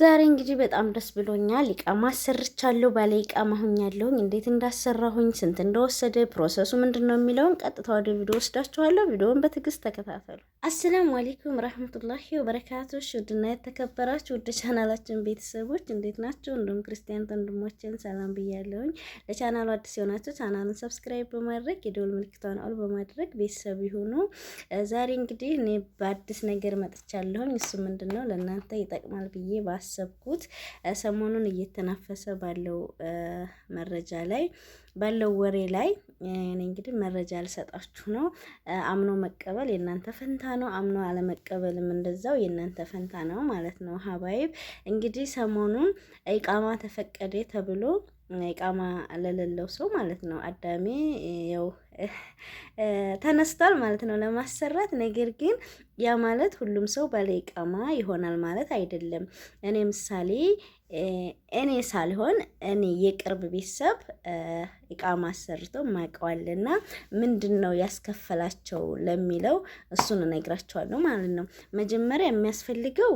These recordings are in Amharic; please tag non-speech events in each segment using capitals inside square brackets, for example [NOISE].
ዛሬ እንግዲህ በጣም ደስ ብሎኛል። ኢቃማ አሰርቻለሁ፣ ባለ ኢቃማ ሆኛለሁኝ። እንዴት እንዳሰራሁኝ፣ ስንት እንደወሰደ፣ ፕሮሰሱ ምንድን ነው የሚለውን ቀጥታ ወደ ቪዲዮ ወስዳችኋለሁ። ቪዲዮውን በትዕግስት ተከታተሉ። አሰላሙ አሌይኩም ረህመቱላሂ ወበረካቶች። ውድና የተከበራችሁ ውድ ቻናላችን ቤተሰቦች እንዴት ናቸው? እንዲሁም ክርስቲያን ወንድሞችን ሰላም ብያለሁኝ። ለቻናሉ አዲስ የሆናቸው ቻናሉን ሰብስክራይብ በማድረግ የደውል ምልክቷን አውል በማድረግ ቤተሰብ ይሁኑ። ዛሬ እንግዲህ እኔ በአዲስ ነገር መጥቻለሁኝ። እሱ ምንድን ነው ለእናንተ ይጠቅማል ብዬ አሰብኩት። ሰሞኑን እየተናፈሰ ባለው መረጃ ላይ ባለው ወሬ ላይ እኔ እንግዲህ መረጃ ያልሰጣችሁ ነው። አምኖ መቀበል የእናንተ ፈንታ ነው። አምኖ አለመቀበልም እንደዛው የእናንተ ፈንታ ነው ማለት ነው። ሀባይብ እንግዲህ ሰሞኑን ኢቃማ ተፈቀደ ተብሎ ቃማ ለሌለው ሰው ማለት ነው። አዳሜ ያው ተነስቷል ማለት ነው ለማሰራት። ነገር ግን ያ ማለት ሁሉም ሰው ባለ ቃማ ይሆናል ማለት አይደለም። እኔ ምሳሌ እኔ ሳልሆን እኔ የቅርብ ቤተሰብ ቃማ አሰርቶ ማቀዋልና ምንድን ነው ያስከፈላቸው ለሚለው እሱን እነግራቸዋለሁ ማለት ነው። መጀመሪያ የሚያስፈልገው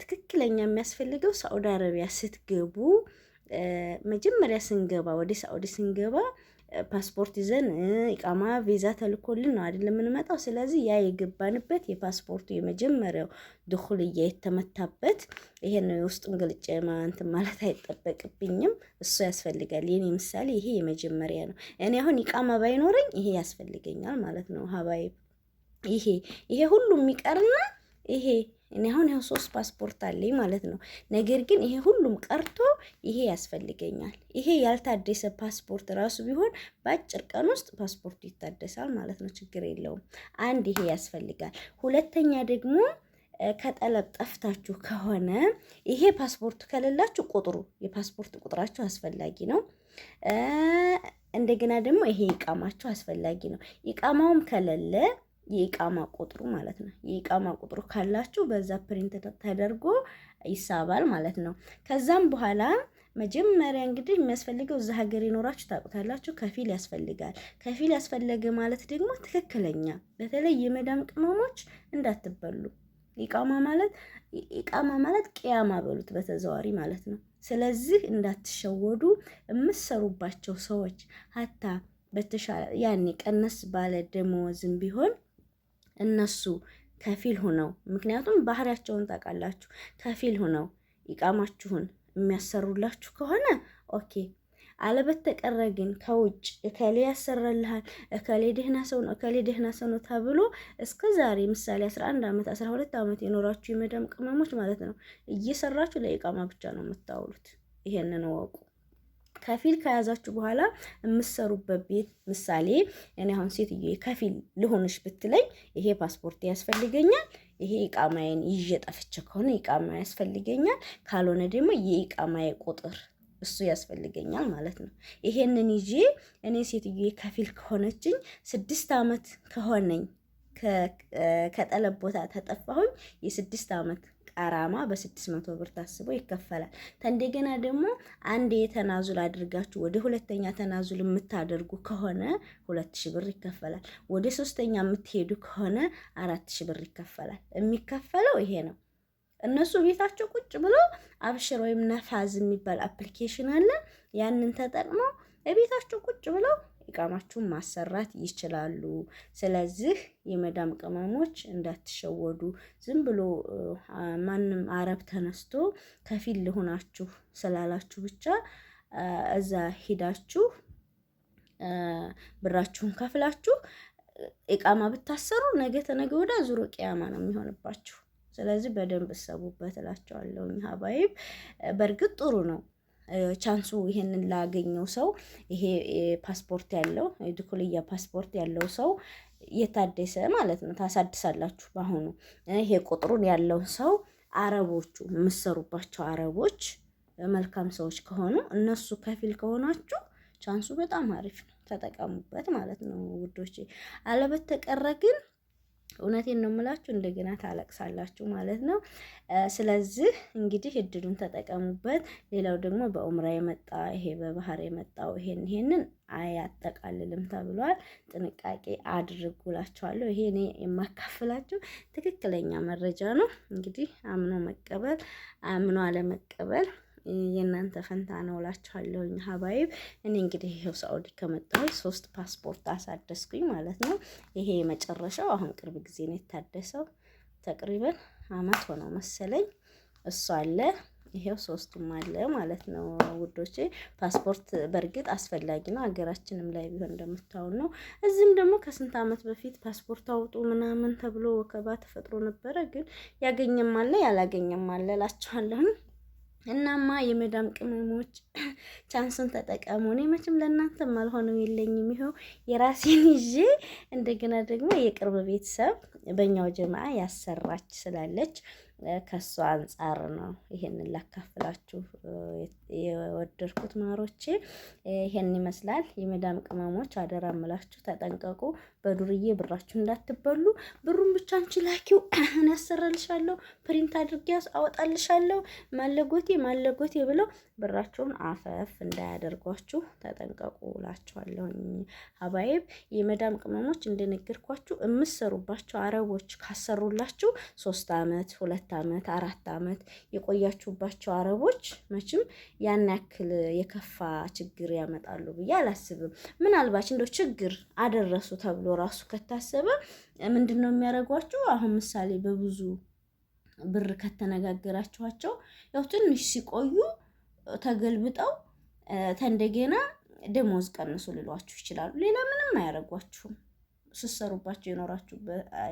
ትክክለኛ የሚያስፈልገው ሳዑዲ አረቢያ ስትገቡ መጀመሪያ ስንገባ ወደ ሳዑዲ ስንገባ ፓስፖርት ይዘን ኢቃማ ቪዛ ተልኮልን ነው አይደል የምንመጣው። ስለዚህ ያ የገባንበት የፓስፖርቱ የመጀመሪያው ድኩልያ እየተመታበት ይሄ ነው። የውስጡ እንግልጭ ማንት ማለት አይጠበቅብኝም። እሱ ያስፈልጋል። የኔ ምሳሌ ይሄ የመጀመሪያ ነው። እኔ አሁን ኢቃማ ባይኖረኝ ይሄ ያስፈልገኛል ማለት ነው። ሀባይ ይሄ ይሄ ሁሉ የሚቀርና ይሄ እኔ አሁን ያው ሶስት ፓስፖርት አለኝ ማለት ነው። ነገር ግን ይሄ ሁሉም ቀርቶ ይሄ ያስፈልገኛል። ይሄ ያልታደሰ ፓስፖርት ራሱ ቢሆን በአጭር ቀን ውስጥ ፓስፖርቱ ይታደሳል ማለት ነው። ችግር የለውም። አንድ ይሄ ያስፈልጋል። ሁለተኛ ደግሞ ከጠለብ ጠፍታችሁ ከሆነ ይሄ ፓስፖርቱ ከሌላችሁ ቁጥሩ የፓስፖርት ቁጥራችሁ አስፈላጊ ነው። እንደገና ደግሞ ይሄ ይቃማችሁ አስፈላጊ ነው። ይቃማውም ከሌለ የኢቃማ ቁጥሩ ማለት ነው። የኢቃማ ቁጥሩ ካላችሁ በዛ ፕሪንት ተደርጎ ይሳባል ማለት ነው። ከዛም በኋላ መጀመሪያ እንግዲህ የሚያስፈልገው እዛ ሀገር የኖራችሁ ታውቁታላችሁ፣ ከፊል ያስፈልጋል። ከፊል ያስፈለገ ማለት ደግሞ ትክክለኛ፣ በተለይ የመዳም ቅመሞች እንዳትበሉ። ኢቃማ ማለት ኢቃማ ማለት ቅያማ በሉት በተዘዋሪ ማለት ነው። ስለዚህ እንዳትሸወዱ የምትሰሩባቸው ሰዎች ሀታ በተሻለ ያኔ ቀነስ ባለ ደመወዝም ቢሆን እነሱ ከፊል ሆነው ምክንያቱም ባህሪያቸውን ታውቃላችሁ። ከፊል ሆነው ይቃማችሁን የሚያሰሩላችሁ ከሆነ ኦኬ። አለበተቀረ ግን ከውጭ እከሌ ያሰራልሃል፣ እከሌ ደህና ሰው ነው፣ እከሌ ደህና ሰው ነው ተብሎ እስከ ዛሬ ምሳሌ 11 ዓመት 12 ዓመት የኖራችሁ የመዳም ቅመሞች ማለት ነው እየሰራችሁ ለኢቃማ ብቻ ነው የምታውሉት። ይሄንን እወቁ። ከፊል ከያዛችሁ በኋላ የምሰሩበት ቤት ምሳሌ እኔ አሁን ሴትዮ ከፊል ልሆንሽ ብትለኝ ይሄ ፓስፖርት ያስፈልገኛል። ይሄ ኢቃማዬን ይዤ ጠፍቼ ከሆነ ኢቃማ ያስፈልገኛል። ካልሆነ ደግሞ የኢቃማዬ ቁጥር እሱ ያስፈልገኛል ማለት ነው። ይሄንን ይዤ እኔ ሴትዮ ከፊል ከሆነችኝ ስድስት ዓመት ከሆነኝ ከጠለብ ቦታ ተጠፋሁኝ የስድስት ዓመት ቀራማ በስድስት መቶ ብር ታስቦ ይከፈላል። ተንደገና ደግሞ አንድ የተናዙል አድርጋችሁ ወደ ሁለተኛ ተናዙል የምታደርጉ ከሆነ ሁለት ሺ ብር ይከፈላል። ወደ ሶስተኛ የምትሄዱ ከሆነ አራት ሺ ብር ይከፈላል። የሚከፈለው ይሄ ነው። እነሱ ቤታቸው ቁጭ ብሎ አብሽር ወይም ነፋዝ የሚባል አፕሊኬሽን አለ። ያንን ተጠቅመው ቤታቸው ቁጭ ብለው ኢቃማችሁን ማሰራት ይችላሉ። ስለዚህ የመዳም ቅመሞች እንዳትሸወዱ። ዝም ብሎ ማንም አረብ ተነስቶ ከፊል ልሆናችሁ ስላላችሁ ብቻ እዛ ሂዳችሁ ብራችሁን ከፍላችሁ ኢቃማ ብታሰሩ ነገ ተነገ ወዳ ዙሮ ቅያማ ነው የሚሆንባችሁ። ስለዚህ በደንብ እሰቡበት እላቸዋለሁ። ሀባይብ በእርግጥ ጥሩ ነው ቻንሱ ይሄንን ላገኘው ሰው ይሄ ፓስፖርት ያለው ድኩልያ ፓስፖርት ያለው ሰው የታደሰ ማለት ነው ታሳድሳላችሁ። በአሁኑ ይሄ ቁጥሩን ያለው ሰው አረቦቹ የምሰሩባቸው አረቦች መልካም ሰዎች ከሆኑ እነሱ ከፊል ከሆናችሁ ቻንሱ በጣም አሪፍ ነው። ተጠቀሙበት ማለት ነው ውዶቼ። አለበት ተቀረ ግን እውነቴን ነው የምላችሁ፣ እንደገና ታለቅሳላችሁ ማለት ነው። ስለዚህ እንግዲህ እድሉን ተጠቀሙበት። ሌላው ደግሞ በኡምራ የመጣ ይሄ በባህር የመጣው ይሄን ይሄንን አያጠቃልልም ተብሏል። ጥንቃቄ አድርጉ ይሄ እኔ የማካፍላችሁ ትክክለኛ መረጃ ነው። እንግዲህ አምኖ መቀበል፣ አምኖ አለመቀበል የእናንተ ፈንታ ነው እላችኋለሁኝ ሀባይብ። እኔ እንግዲህ ይሄው ሳውዲ ከመጣሁ ሶስት ፓስፖርት አሳደስኩኝ ማለት ነው። ይሄ የመጨረሻው አሁን ቅርብ ጊዜ ነው የታደሰው። ተቅሪበን አመት ሆነው መሰለኝ እሱ አለ ይሄው ሶስቱም አለ ማለት ነው ውዶቼ። ፓስፖርት በእርግጥ አስፈላጊ ነው፣ ሀገራችንም ላይ ቢሆን እንደምታውን ነው። እዚህም ደግሞ ከስንት አመት በፊት ፓስፖርት አውጡ ምናምን ተብሎ ወከባ ተፈጥሮ ነበረ። ግን ያገኘም አለ ያላገኘም አለ እላችኋለሁ። እናማ የመዳም ቅመሞች [CLEARS THROAT] ቻንስን ተጠቀሙ። እኔ መቼም ለእናንተም አልሆነው የለኝም። ይኸው የራሴን [LAUGHS] ይዤ እንደገና ደግሞ የቅርብ ቤተሰብ በእኛው ጀማ ያሰራች ስላለች ከሷ አንጻር ነው ይሄንን ላካፍላችሁ የወደድኩት ማሮቼ። ይሄን ይመስላል። የመዳም ቅመሞች አደራ ምላችሁ ተጠንቀቁ። በዱርዬ ብራችሁ እንዳትበሉ። ብሩን ብቻ አንቺ ላኪው፣ እኔ ያሰራልሻለሁ፣ ፕሪንት አድርጌ አወጣልሻለሁ፣ ማለጎቴ ማለጎቴ ብለው ብራችሁን አፈፍ እንዳያደርጓችሁ ተጠንቀቁ እላችኋለሁኝ። ሀባይብ የመዳም ቅመሞች እንደነገርኳችሁ የምትሰሩባቸው አረቦች ካሰሩላችሁ ሶስት አመት ሁለት ሁለት ዓመት አራት ዓመት የቆያችሁባቸው አረቦች መቼም ያን ያክል የከፋ ችግር ያመጣሉ ብዬ አላስብም። ምናልባች እንደው ችግር አደረሱ ተብሎ ራሱ ከታሰበ ምንድን ነው የሚያደርጓችሁ? አሁን ምሳሌ በብዙ ብር ከተነጋገራችኋቸው ያው ትንሽ ሲቆዩ ተገልብጠው ተንደገና ደሞዝ ቀንሱ ልሏችሁ ይችላሉ። ሌላ ምንም አያደርጓችሁም። ስሰሩባቸው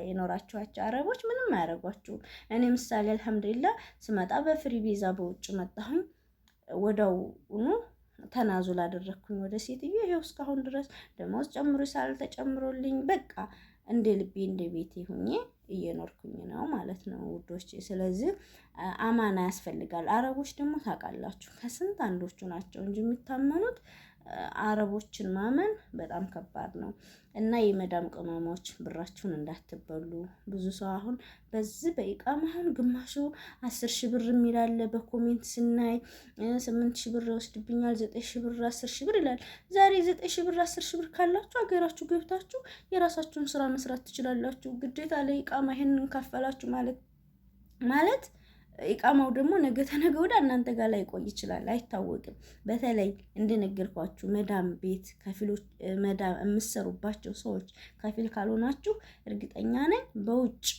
የኖራችኋቸው አረቦች ምንም አያደርጓችሁም። እኔ ምሳሌ አልሐምዱሊላ ስመጣ በፍሪ ቪዛ በውጭ መጣሁኝ። ወዲያውኑ ተናዙ ላደረግኩኝ ወደ ሴትዮ። ይኸው እስካሁን ድረስ ደሞዝ ጨምሮ ተጨምሮልኝ በቃ እንደ ልቤ እንደ ቤቴ ሁኜ እየኖርኩኝ ነው ማለት ነው ውዶች። ስለዚህ አማና ያስፈልጋል። አረቦች ደግሞ ታውቃላችሁ ከስንት አንዶቹ ናቸው እንጂ የሚታመኑት አረቦችን ማመን በጣም ከባድ ነው እና የመዳም ቅመሞች ብራችሁን እንዳትበሉ። ብዙ ሰው አሁን በዚህ በኢቃማ አሁን ግማሹ አስር ሺ ብር የሚላለ በኮሜንት ስናይ ስምንት ሺ ብር ይወስድብኛል፣ ዘጠኝ ሺ ብር፣ አስር ሺ ብር ይላል። ዛሬ ዘጠኝ ሺ ብር፣ አስር ሺ ብር ካላችሁ ሀገራችሁ ገብታችሁ የራሳችሁን ስራ መስራት ትችላላችሁ። ግዴታ ለኢቃማ ይህንን ከፈላችሁ ማለት ማለት ኢቃማው ደግሞ ነገ ተነገ ወዲያ እናንተ ጋር ቆይ ይችላል፣ አይታወቅም። በተለይ እንደነገርኳችሁ መዳም ቤት ከፊሎች መዳም የምሰሩባቸው ሰዎች ከፊል ካልሆናችሁ እርግጠኛ ነኝ በውጭ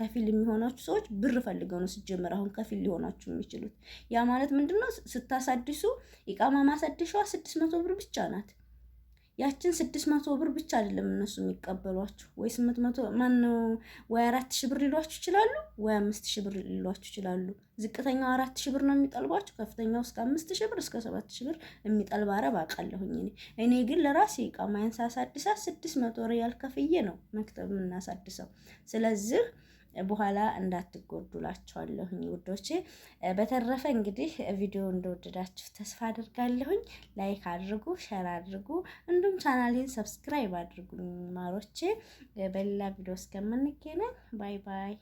ከፊል የሚሆናችሁ ሰዎች ብር ፈልገው ነው ሲጀመር አሁን ከፊል ሊሆናችሁ የሚችሉት። ያ ማለት ምንድነው? ስታሳድሱ ኢቃማ ማሳደሻዋ ስድስት መቶ ብር ብቻ ናት። ያችን ስድስት መቶ ብር ብቻ አይደለም እነሱ የሚቀበሏችሁ ወይ ስምንት መቶ ማን ነው ወይ አራት ሺህ ብር ሊሏችሁ ይችላሉ፣ ወይ አምስት ሺህ ብር ሊሏችሁ ይችላሉ። ዝቅተኛው አራት ሺ ብር ነው የሚጠልቧችሁ። ከፍተኛው እስከ አምስት ሺህ ብር እስከ ሰባት ብር የሚጠልብ አረብ አውቃለሁኝ እኔ። እኔ ግን ለራሴ እቃ ማያንስ አሳድሳ ስድስት መቶ ሪያል ከፍዬ ነው መክተብ የምናሳድሰው። ስለዚህ በኋላ እንዳትጎዱላቸዋለሁኝ ውዶቼ። በተረፈ እንግዲህ ቪዲዮ እንደወደዳችሁ ተስፋ አድርጋለሁኝ። ላይክ አድርጉ፣ ሸር አድርጉ፣ እንዲሁም ቻናሌን ሰብስክራይብ አድርጉኝ ማሮቼ። በሌላ ቪዲዮ እስከምንገናኝ ባይ ባይ።